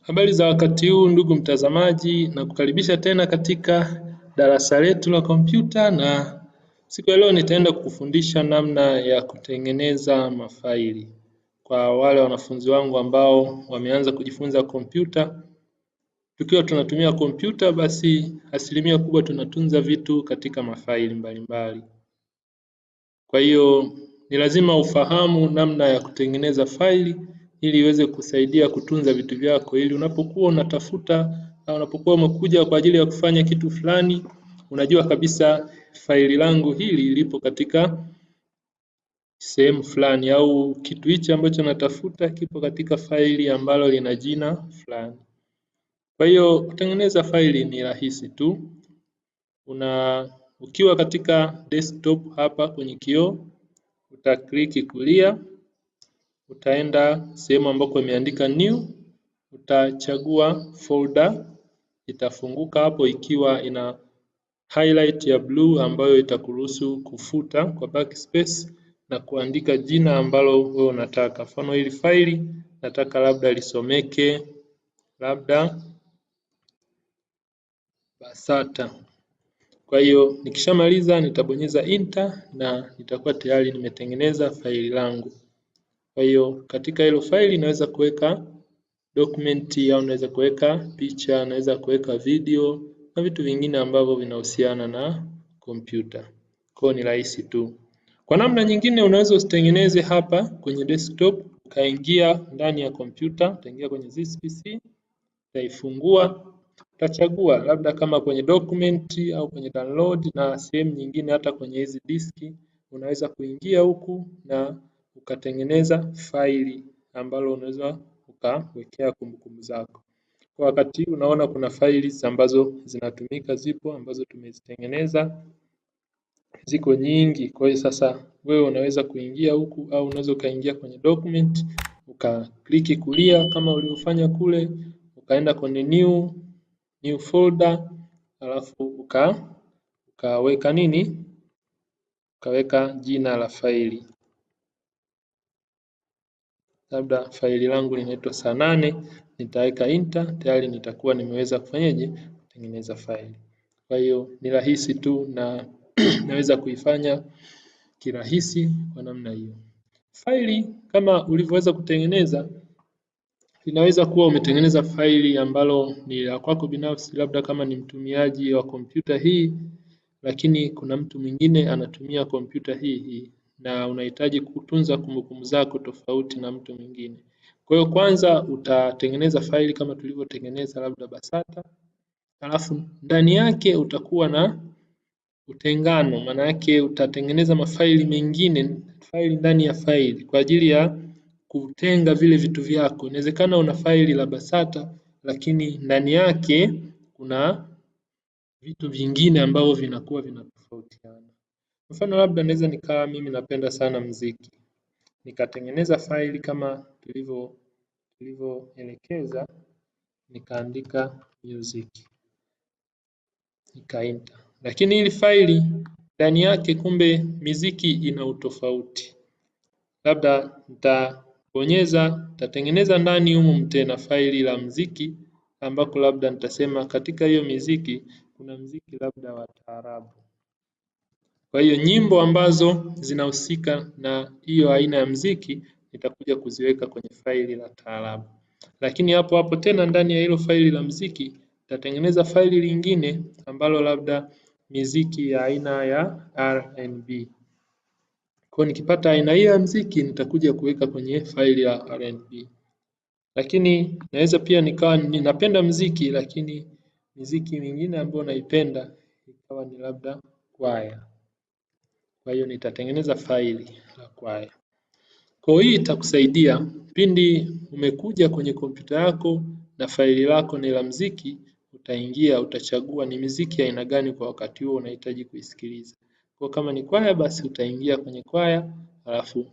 Habari za wakati huu ndugu mtazamaji, nakukaribisha tena katika darasa letu la kompyuta, na siku ya leo nitaenda kukufundisha namna ya kutengeneza mafaili. Kwa wale wanafunzi wangu ambao wameanza kujifunza kompyuta, tukiwa tunatumia kompyuta, basi asilimia kubwa tunatunza vitu katika mafaili mbalimbali. Kwa hiyo ni lazima ufahamu namna ya kutengeneza faili ili iweze kusaidia kutunza vitu vyako, ili unapokuwa unatafuta na unapokuwa umekuja kwa ajili ya kufanya kitu fulani, unajua kabisa faili langu hili lipo katika sehemu fulani, au kitu hichi ambacho natafuta kipo katika faili ambalo lina jina fulani. Kwa hiyo kutengeneza faili ni rahisi tu. Una ukiwa katika desktop hapa kwenye kioo, utakliki kulia utaenda sehemu ambako imeandika new, utachagua folder, itafunguka hapo ikiwa ina highlight ya blue ambayo itakuruhusu kufuta kwa backspace na kuandika jina ambalo wewe unataka. Mfano hili faili nataka labda lisomeke labda BASATA. Kwa hiyo nikishamaliza nitabonyeza enter na nitakuwa tayari nimetengeneza faili langu. Kwa hiyo katika hilo faili naweza kuweka dokumenti au naweza kuweka picha, naweza kuweka video na vitu vingine ambavyo vinahusiana na kompyuta. Kwa hiyo ni rahisi tu. Kwa namna nyingine unaweza usitengeneze hapa kwenye desktop, ukaingia ndani ya kompyuta, utaingia kwenye this PC, utaifungua, utachagua labda kama kwenye document au kwenye download na sehemu nyingine hata kwenye hizi diski unaweza kuingia huku na ukatengeneza faili ambalo unaweza ukawekea kumbukumbu zako. Kwa wakati huu unaona kuna faili ambazo zinatumika zipo ambazo tumezitengeneza ziko nyingi. Kwa hiyo sasa wewe unaweza kuingia huku au unaweza ukaingia kwenye document ukakliki kulia kama ulivyofanya kule, ukaenda kwenye new new folder, alafu uka ukaweka nini, ukaweka jina la faili labda faili langu linaitwa saa nane, nitaweka enter, tayari nitakuwa nimeweza kufanyaje kutengeneza faili. Kwa hiyo ni rahisi tu na naweza kuifanya kirahisi kwa namna hiyo. Faili kama ulivyoweza kutengeneza, inaweza kuwa umetengeneza faili ambalo ni la kwako binafsi, labda kama ni mtumiaji wa kompyuta hii, lakini kuna mtu mwingine anatumia kompyuta hii hii na unahitaji kutunza kumbukumbu zako tofauti na mtu mwingine. Kwa hiyo kwanza utatengeneza faili kama tulivyotengeneza labda BASATA, alafu ndani yake utakuwa na utengano, maana yake utatengeneza mafaili mengine, faili ndani ya faili kwa ajili ya kutenga vile vitu vyako. Inawezekana una faili la BASATA lakini ndani yake kuna vitu vingine ambavyo vinakuwa vinatofautiana. Mfano labda naweza nikawa mimi napenda sana mziki Nikatengeneza faili kama tulivyoelekeza, nikaandika music. Nikaenter. Lakini hili faili ndani yake kumbe miziki ina utofauti. Labda nitabonyeza, nitatengeneza ndani humu mtena faili la mziki ambako labda nitasema katika hiyo miziki kuna mziki labda wa taarabu. Kwa hiyo nyimbo ambazo zinahusika na hiyo aina ya mziki nitakuja kuziweka kwenye faili la taarabu. Lakini hapo hapo tena ndani ya hilo faili la mziki nitatengeneza faili lingine ambalo labda miziki ya aina ya R&B. Kwa nikipata aina hiyo ya mziki nitakuja kuweka kwenye faili ya R&B. Lakini naweza pia nikawa ninapenda mziki lakini miziki mingine ambayo naipenda ikawa ni labda kwaya. Kwa hiyo nitatengeneza faili la kwaya. Kwa hii itakusaidia pindi umekuja kwenye kompyuta yako na faili lako ni la mziki, utaingia utachagua ni miziki aina gani kwa wakati huo unahitaji kuisikiliza. Kwa kama ni kwaya basi utaingia kwenye kwaya alafu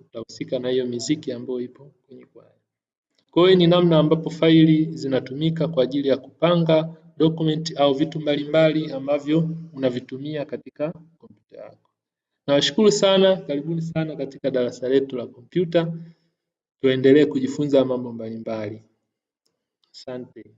utahusika na hiyo miziki ambayo ipo kwenye kwaya. Kwa hiyo ni namna ambapo faili zinatumika kwa ajili ya kupanga document au vitu mbalimbali ambavyo unavitumia katika kompyuta yako. Nawashukuru sana, karibuni sana katika darasa letu la kompyuta. Tuendelee kujifunza mambo mbalimbali. Asante.